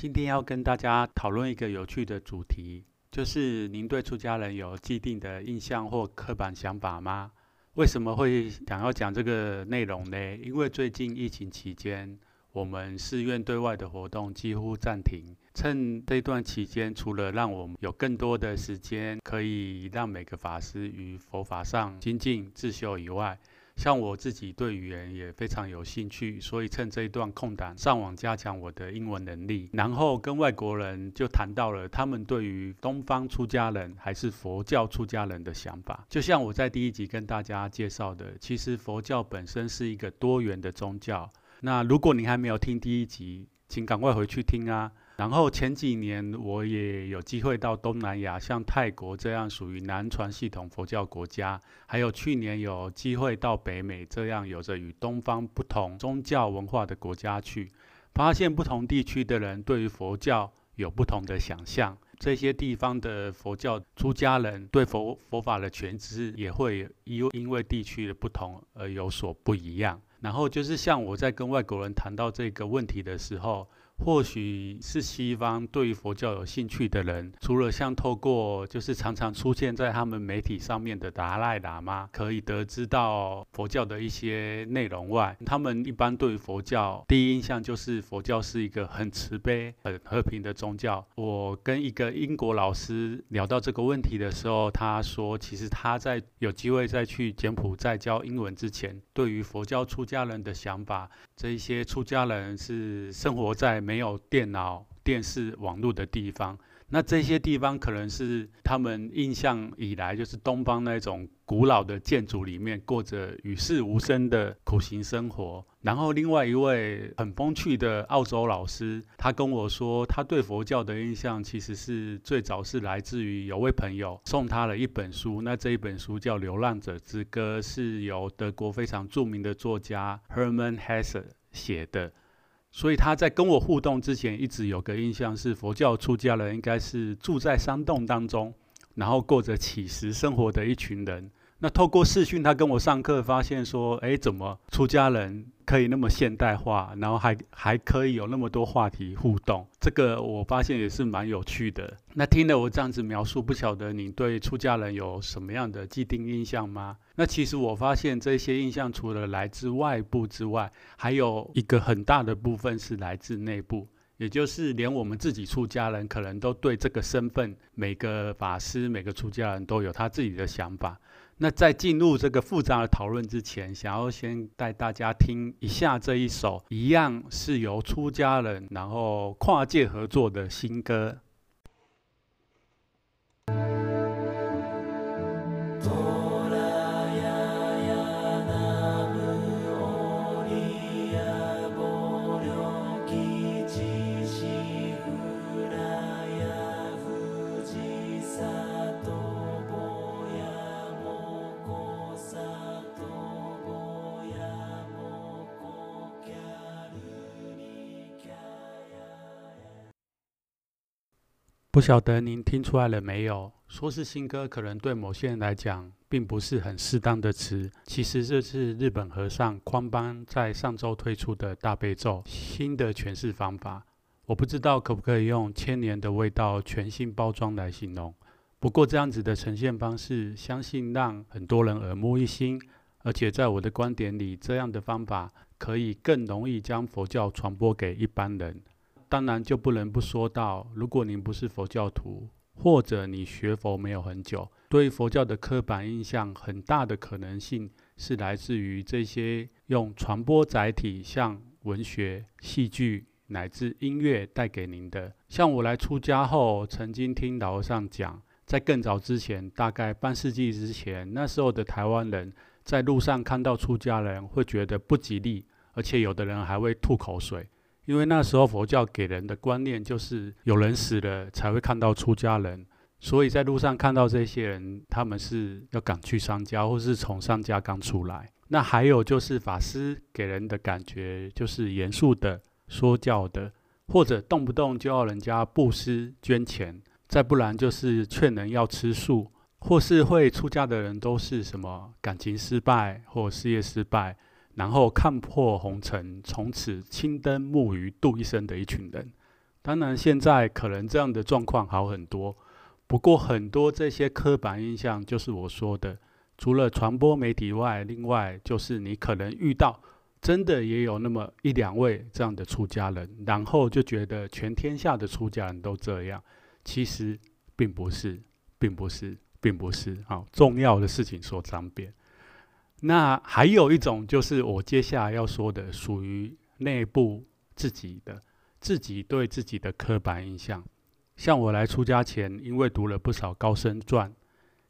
今天要跟大家討論一個有趣的主題，就是您對出家人有既定的印象或刻板想法嗎？為什麼會想要講這個內容呢？因為最近疫情期間，我們寺院對外的活動幾乎暫停，趁這段期間，除了讓我們有更多的時間可以讓每個法師於佛法上精進自修以外，像我自己對語言也非常有興趣，所以趁這一段空檔上網加強我的英文能力，然後跟外國人就談到了他們對於東方出家人還是佛教出家人的想法。就像我在第一集跟大家介紹的，其實佛教本身是一個多元的宗教。那如果您還沒有聽第一集，請趕快回去聽啊。然後前幾年我也有機會到東南亞，像泰國這樣屬於南傳系統佛教國家，還有去年有機會到北美這樣有着與東方不同宗教文化的國家去，發現不同地區的人對於佛教有不同的想象。這些地方的佛教出家人對佛佛法的詮釋也會因因為地區的不同而有所不一樣。然後就是像我在跟外國人談到這個問題的時候。或許是西方對於佛教有興趣的人，除了像透過就是常常出現在他們媒體上面的達賴喇嘛可以得知到佛教的一些內容外，他們一般對於佛教第一印象就是佛教是一個很慈悲、很和平的宗教。我跟一個英國老師聊到這個問題的時候，他說，其實他在有機會再去柬埔寨教英文之前，對於佛教出家人的想法。這一些出家人是生活在沒有電腦、電視、網絡的地方。那這些地方可能是他們印象以來就是東方那種古老的建築裡面過着與世無爭的苦行生活。然後另外一位很風趣的澳洲老師，他跟我說，他對佛教的印象其實是最早是來自於有位朋友送他了一本書。那這一本書叫《流浪者之歌》，是由德國非常著名的作家 Hermann Hesse 寫的。所以他在跟我互動之前，一直有個印象是，佛教出家人應該是住在山洞當中，然後過着乞食生活的一群人。那透過視訊，他跟我上課，發現說，哎，怎麼出家人可以那麼現代化，然後還還可以有那麼多話題互動，這個我發現也是蠻有趣的。那聽了我這樣子描述，不曉得你對出家人有什麼樣的既定印象嗎？那其實我發現這些印象除了來自外部之外，還有一個很大的部分是來自內部，也就是連我們自己出家人可能都對這個身份，每個法師、每個出家人都有他自己的想法。那在進入這個複雜的討論之前，想要先帶大家聽一下這一首，一樣是由出家人然後跨界合作的新歌。不曉得您聽出來了沒有？說是新歌，可能對某些人來講，並不是很適當的詞。其實這是日本和尚寬邦在上周推出的大悲咒新的詮釋方法。我不知道可不可以用千年的味道全新包裝來形容。不過這樣子的呈現方式，相信讓很多人耳目一新。而且在我的觀點裡，這樣的方法可以更容易將佛教傳播給一般人。當然就不能不說到，如果您不是佛教徒，或者你學佛沒有很久，對佛教的刻板印象，很大的可能性是來自於這些用傳播載體，像文學、戲劇乃至音樂帶給您的。像我來出家後，曾經聽老和尚講，在更早之前，大概半世紀之前，那時候的台灣人在路上看到出家人，會覺得不吉利，而且有的人還會吐口水。因為那時候佛教給人的觀念就是有人死了才會看到出家人，所以在路上看到這些人，他們是要趕去喪家或是從喪家剛出來。那還有就是法師給人的感覺就是嚴肅的說教的，或者動不動就要人家布施捐錢，再不然就是勸人要吃素，或是會出家的人都是什麼感情失敗或事業失敗。然後看破紅塵，從此青燈木魚度一生的一群人。當然，現在可能這樣的狀況好很多。不過，很多這些刻板印象就是我說的，除了傳播媒體外，另外就是你可能遇到真的也有那麼一兩位這樣的出家人，然後就覺得全天下的出家人都這樣，其實並不是，並不是，並不是。啊，重要的事情說三遍。那還有一種就是我接下來要說的，屬於內部自己的，自己對自己的刻板印象。像我來出家前，因為讀了不少高僧傳，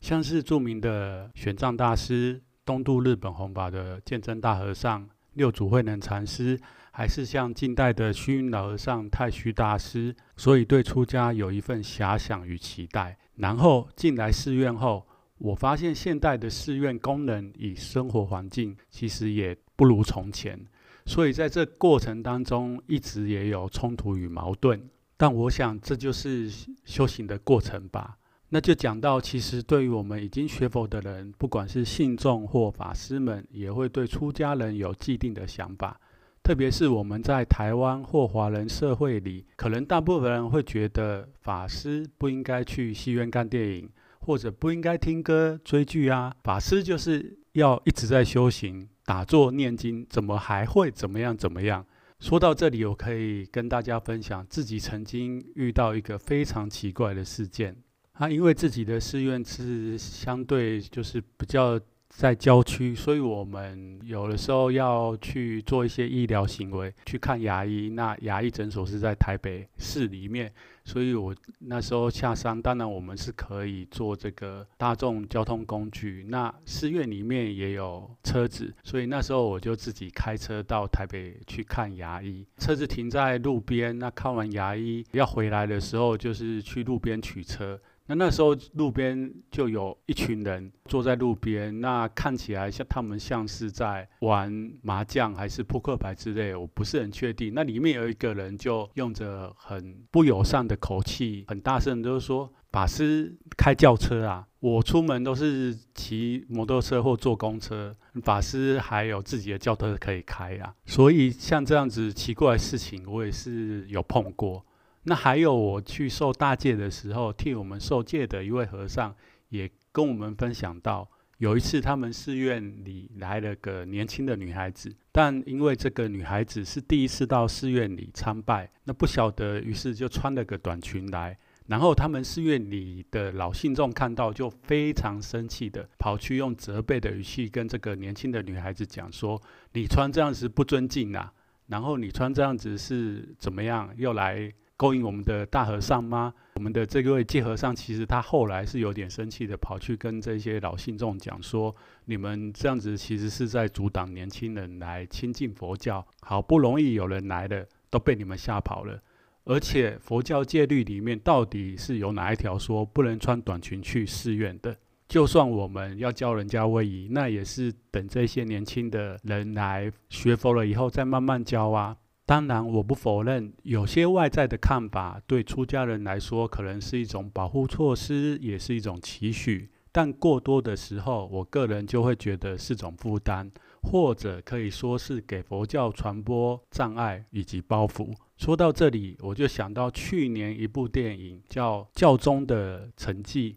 像是著名的玄奘大師、東渡日本弘法的鑒真大和尚、六祖慧能禪師，還是像近代的虛雲老和尚、太虛大師，所以對出家有一份遐想與期待。然後進來寺院後。我發現現代的寺院功能與生活環境其實也不如從前，所以在這過程當中一直也有衝突與矛盾。但我想這就是修行的過程吧。那就講到，其實對於我們已經學佛的人，不管是信眾或法師們，也會對出家人有既定的想法。特別是我們在台灣或華人社會裡，可能大部分人會覺得法師不應該去戲院看電影。或者不應該聽歌追劇啊！法師就是要一直在修行、打坐、念經，怎麼還會怎麼樣？怎麼樣？說到這裡，我可以跟大家分享自己曾經遇到一個非常奇怪的事件。啊，因為自己的寺院是相對就是比較在郊區，所以我們有的時候要去做一些醫療行為，去看牙醫。那牙醫診所是在台北市裡面，所以我那時候下山，當然我們是可以坐這個大眾交通工具。那寺院裡面也有車子，所以那時候我就自己開車到台北去看牙醫。車子停在路邊，那看完牙醫要回來的時候，就是去路邊取車。那那時候路邊就有一群人坐在路邊，那看起來像他們像是在玩麻將還是撲克牌之類，我不是很確定。那裡面有一個人就用着很不友善的口氣，很大聲，就是說法師開轎車啊，我出門都是騎摩托車或坐公車，法師還有自己的轎車可以開啊。所以像這樣子奇怪的事情，我也是有碰過。那還有我去受大戒的時候，替我們受戒的一位和尚也跟我們分享到，有一次他們寺院裡來了個年輕的女孩子，但因為這個女孩子是第一次到寺院裡參拜，那不曉得，於是就穿了個短裙來。然後他們寺院裡的老信眾看到就非常生氣的跑去用責備的語氣跟這個年輕的女孩子講說：“你穿這樣子不尊敬啦，啊，然後你穿這樣子是怎麼樣又來？”勾引我們的大和尚嗎？我們的這位戒和尚其實他後來是有點生氣的，跑去跟這些老信眾講說：你們這樣子其實是在阻擋年輕人來親近佛教。好不容易有人來了，都被你們嚇跑了。而且佛教戒律裡面到底是有哪一條說不能穿短裙去寺院的？就算我們要教人家威儀，那也是等這些年輕的人來學佛了以後再慢慢教啊。當然，我不否認有些外在的看法對出家人來說可能是一種保護措施，也是一種期許。但過多的時候，我個人就會覺得是種負擔，或者可以說是給佛教傳播障礙以及包袱。說到這裡，我就想到去年一部電影叫《教宗的承繼》，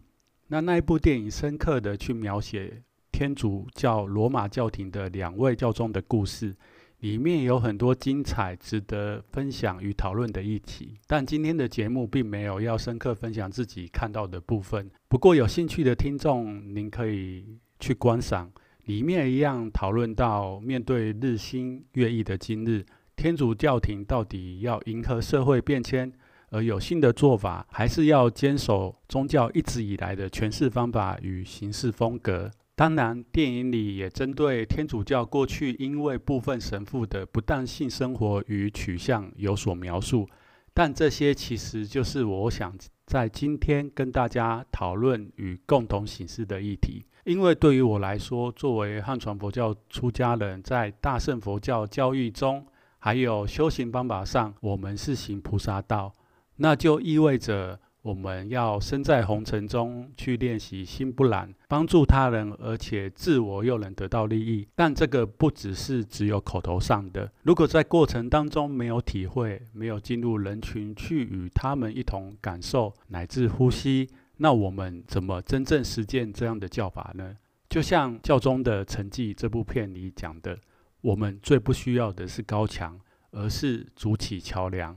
那那一部電影深刻的去描寫天主教羅馬教廷的兩位教宗的故事。裡面有很多精彩、值得分享與討論的議題，但今天的節目並沒有要深刻分享自己看到的部分。不過，有興趣的聽眾，您可以去觀賞。裡面一樣討論到，面對日新月異的今日，天主教廷到底要迎合社會變遷而有新的做法，還是要堅守宗教一直以來的詮釋方法與行事風格？當然，電影裡也針對天主教過去因為部分神父的不當性生活與取向有所描述，但這些其實就是我想在今天跟大家討論與共同省思的議題。因為對於我來說，作為漢傳佛教出家人，在大乘佛教教育中，還有修行方法上，我們是行菩薩道，那就意味着。我們要身在紅塵中去練習心不染，幫助他人，而且自我又能得到利益。但這個不只是只有口頭上的，如果在過程當中沒有體會，沒有進入人群去與他們一同感受乃至呼吸，那我們怎麼真正實踐這樣的教法呢？就像《教宗的承繼》這部片裡講的，我們最不需要的是高牆，而是築起橋樑。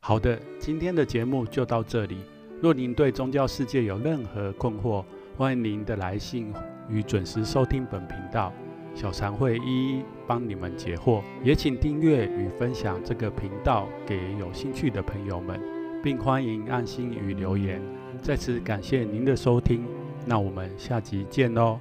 好的，今天的節目就到這裡。若您對宗教世界有任何困惑，歡迎您的來信與準時收聽本頻道，小禪會一一幫你們解惑。也請訂閱與分享這個頻道給有興趣的朋友們，並歡迎按心與留言。再次感謝您的收聽，那我們下集見嘍、哦。